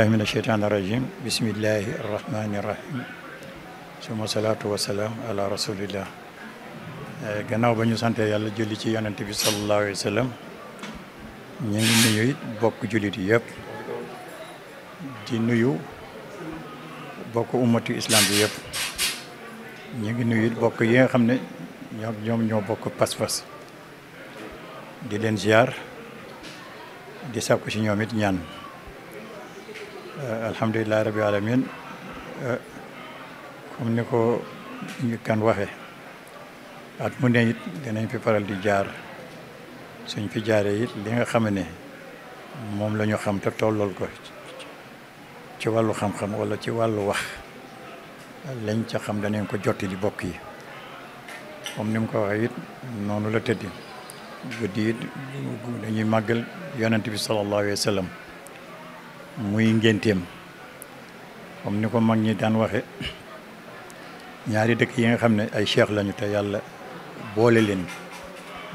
الله من الشيطان الرجيم بسم الله الرحمن gannaaw ba ñu santee yàlla julli ci yonent bi sallallahu alayhi wa ñu ngi nuyu it bokk jullit yëpp di nuyu bokk ummatu islam bi yëpp ñu ngi nuyu it bokk yi nga xam ne ñoo ñoom ñoo bokk pas-pas di leen ziar di sàkku ci ñoom it ñaan alhamdulilah rabi alamin eh, comme ni ko kan waxe at mu ne it dinañ fi faral di jaar suñ fi jaaree it li nga xam ne moom lañu xam te tollool ko ci wàllu xam-xam wala ci wàllu wax lañ ca xam danañ ko jotti di bokk yi comme ni mu ko waxee it noonu la tëddi guddi it dañuy màggal yonent bi sallallahu alayhi muy ngénteem comme ni ko mag ñi daan waxe ñaari dëkk yi nga xam ne ay cheikh lañu te yàlla boole leen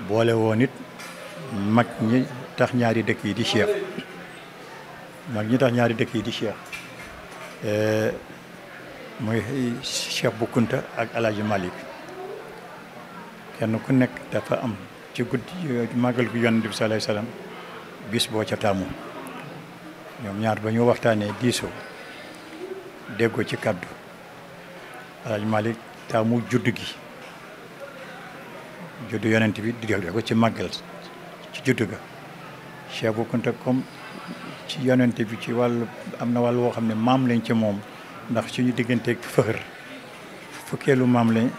boole woon it mag ñi tax ñaari dëkk yi di cheikh mag ñi tax ñaari dëkk yi di cheikh eh, muy cheikh bu kunta ak alaaji malik kenn ku nekk dafa am ci guddi màggal gu yonent bi sallallahu alayhi wasallam bis boo ca taamu ñoom ñaar ba ñu waxtaanee diisoo déggoo ci kàddu alaaj Malick taamu judd gi juddu yonent bi digal ko ci màggal ci juddu ga Cheikh Bou Kounta ci yonent bi ci wàllu am na wàllu woo xam ne maam lañ ci moom ndax suñu digganteeg fëxër fukkeelu maam lañ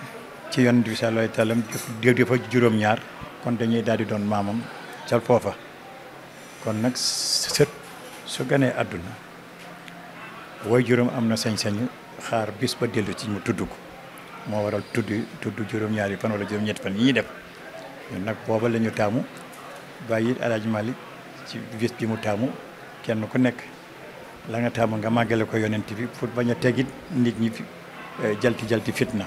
ci yonent bi sallallahu alayhi wasallam dafa juróom-ñaar kon dañuy daal di doon maamam ca foofa kon nag sët su ganee àdduna way juróom am na sañ-sañu xaar bis ba dellu ci mu tudd ko moo waral tudd tudd juróom-ñaari fan wala juróom-ñetti fan yi ñuy def ñun nag booba lañu taamu bàyyi it Alaaji Malik ci bis bi mu taamu kenn ku nekk la nga taamu nga màggale ko yonent bi pour bañ a tegit nit ñi eh, jalti jalti fitna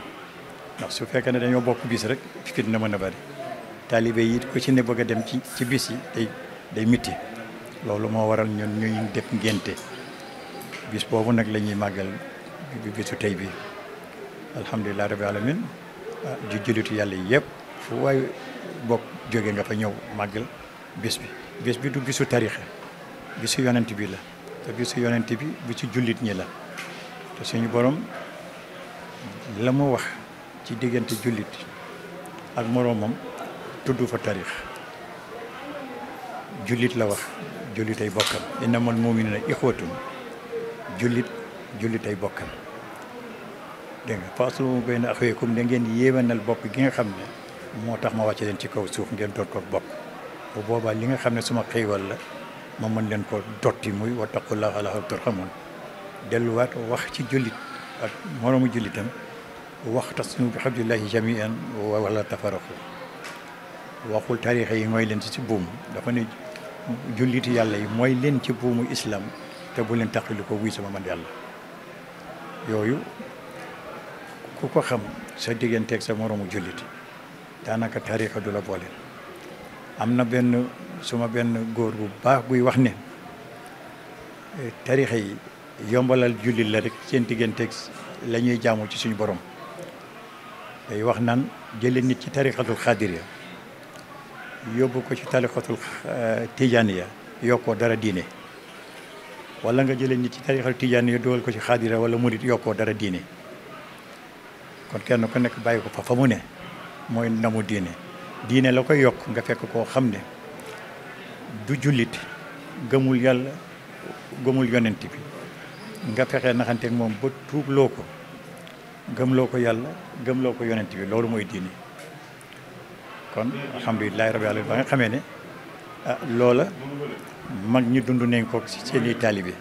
ndax su fekkee ne dañoo bokk bis rek fitna mën a bari taalibe yi ku ci ne bëgg a dem ci ci bis yi day day mitti loolu moo waral ñun ñuy def ngénte bis boobu nag la ñuy màggal bisu tey bi alhamdulilah rabbi alamin ju ah, jullitu yàlla yëpp fu waay bokk jóge nga fa ñëw màggal bis bi bis bi du bisu tarixa bisu yonent bi la te bisu yonent bi bisu jullit ñi la te suñu borom la mu wax ci diggante jullit ak moroomam tudd fa tarix jullit la wax jullit ay bokkam innamal mu'minuna ixwatun jullit jullit ay bokkam dégg nga faasu benn axweekum da ngeen yéewanal bopp gi nga xam ne moo tax ma wàcce leen ci kaw suuf ngeen doon ko bopp bu boobaa li nga xam ne suma xëywal la ma mën leen ko dotti muy wattaqullaha la'allakum turhamun delluwaat wax ci jullit ak moroomu jullitam wax tasmu bi hamdillahi jami'an wala tafarraqu waxul taarix yi mooy leen ci si buum dafa ne julliti yàlla yi mooy leen ci buumu islaam te bu leen taxali ko wuy sama man yàlla yooyu ku ko xam sa digganteeg sa moroomu jullit daanaka tariixa du la boole am na benn suma benn góor bu baax buy wax ne tariixa yi yombalal jullit la rek seen digganteeg lañuy ñuy jaamu ci suñu borom day wax naan jëlee nit ci tariixatul xaadir ya yóbbu ko ci tarixatul eh, ya yokkoo dara diine walla nga jële nit ci tarixatul tijaaniya dogal ko ci xaadira wala murit yokkoo dara diine kon kenn ku nekk bàyyi ko fa fa mu ne mooy namu diine diine la koy yokk nga fekk koo xam ne du jullit gëmul yàlla gëmul yonent bi nga fexee naxanteeg moom ba tuubloo ko gëm loo ko yàlla gëm loo ko yonent bi loolu mooy diine kon alhamdulilahi rabbil alamin ba nga xamee ne ah, loola mag ñi dund nañ kook seen i taalibe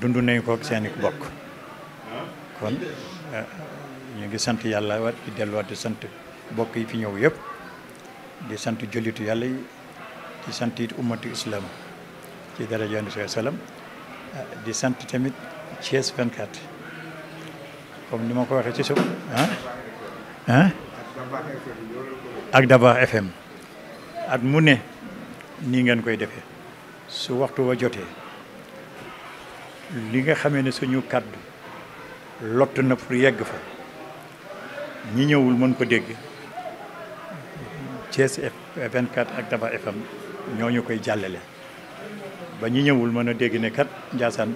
dund nañ kook seeni i bokk kon ah, ñu ngi sant yàlla waat di delluwaat di sant bokk yi fi ñëw yëpp di sant jullitu yàlla yi di sant it ummatu islam ci daraja Yonent bi salaam ah, di sant tamit Thiès 24 comme ni ma ko waxee ci suuf ah ah ak Dabakh FM at mu ne nii ngeen koy defe su waxtu wa jotee li nga xamee ne suñu kàddu lott na pour yegg fa ñi ñëwul mën ko dégg Thiès 24 ak Dabakh FM ñoo ñu koy jàllale ba ñi ñëwul mën a dégg ne kat Ndiassane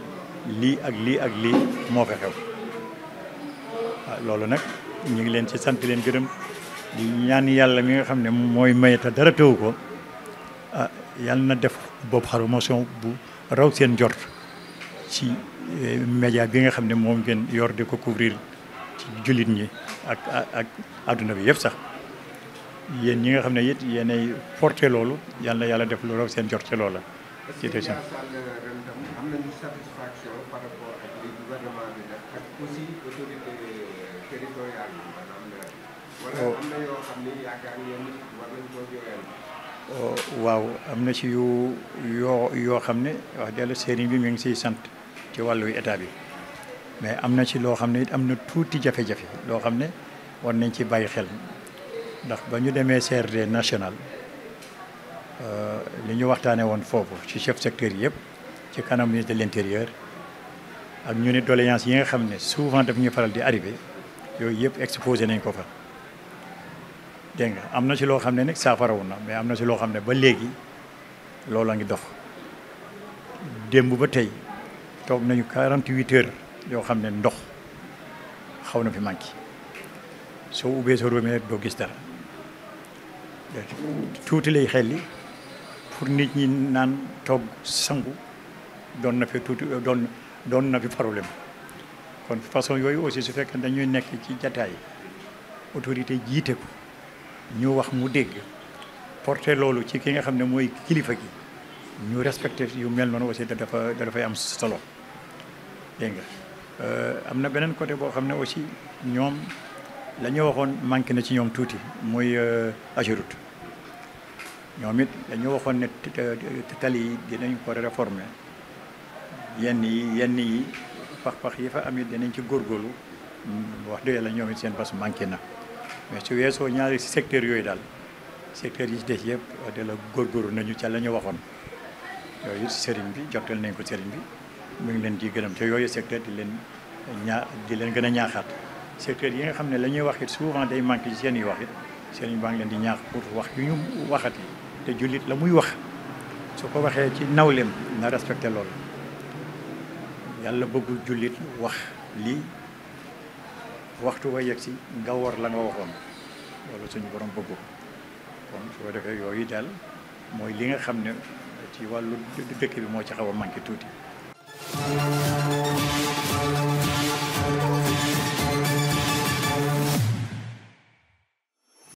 lii ak lii ak lii moo fa xew waaw ah, loolu nag ñu ngi leen ci sant leen gërëm di ñaan yàlla mi nga xam ne mooy mayta dara teewu ko ah yàlla na def boobu promotion bu raw seen jort ci eh, média bi nga xam ne moom ngeen yor di ko couvrir ci jullit ñi ak ak adduna bi yëpp sax yéen ñi nga xam ne it yéenay porté loolu yàlla yàlla def lu raw seen jot ci loola. Oh. Oh, waaw am na ci yu yoo xam ne wax dëgg sëriñ bi mi ngi siy sant ci wàllu état bi mais am na ci loo xam ne it am na tuuti jafe-jafe loo xam ne war nañ ci bàyyi xel ndax ba ñu demee CRD national euh, li ñu waxtaanee woon foofu ci chef secteur yëpp ci kanam ministre de l'intérieur ak ñu ne doléance yi nga xam ne souvent daf ñu faral di arrivé yooyu yëpp exposé nañ ko fa dégg nga am na si loo xam ne nag saafarawu na mais am na si loo xam ne ba léegi loolu a ngi dof démb ba tey toog nañu 48 heures yoo xam ne ndox xaw na fi manqué soo ubbee sa robinet doo gis dara tuuti lay xel li pour nit ñi naan toog sangu doon na fi tuuti doon doon na fi problème kon façon yooyu aussi su fekkee dañuy nekk ci jataay autorité jiite ko ñu wax mu dégg porté loolu ci ki nga xam ne mooy kilifa gi ñu respecté yu mel noonu aussi da dafa da dafay am solo dégg nga euh, am na beneen côté boo xam ne aussi ñoom la waxoon manqué na ci ñoom tuuti muy euh, Ageroute ñoom it la waxoon ne tali yi dinañ ko réformer yenn yi yenn yi pax-pax yi fa am it dinañ góor góorlu mm, wax dëgg yàlla ñoom it seen bas manqué na mais su weesoo ñaari secteur yooyu daal secteur yi ci des yëpp wax dëgg la góorgóorlu nañu ca la ñu waxoon yooyu sëriñ bi jotal nañ ko sëriñ bi mu ngi leen di gërëm te yooyu secteur di leen ñaa di leen gën a ñaaxaat secteur yi nga xam ne la ñuy wax it souvent day manqué ci seen yi wax it sëriñ baa ngi leen di ñaax pour wax yu ñu waxat yi te jullit la muy wax su ko waxee ci nawleem na respecté loolu yàlla bëggul jullit wax lii waxtu wa yegg ci nga war la nga waxoon loolu suñu borom bëggu kon su ko defee yooyu daal mooy li nga xam ne ci wàllu dëkk bi moo ci xaw a manqué tuuti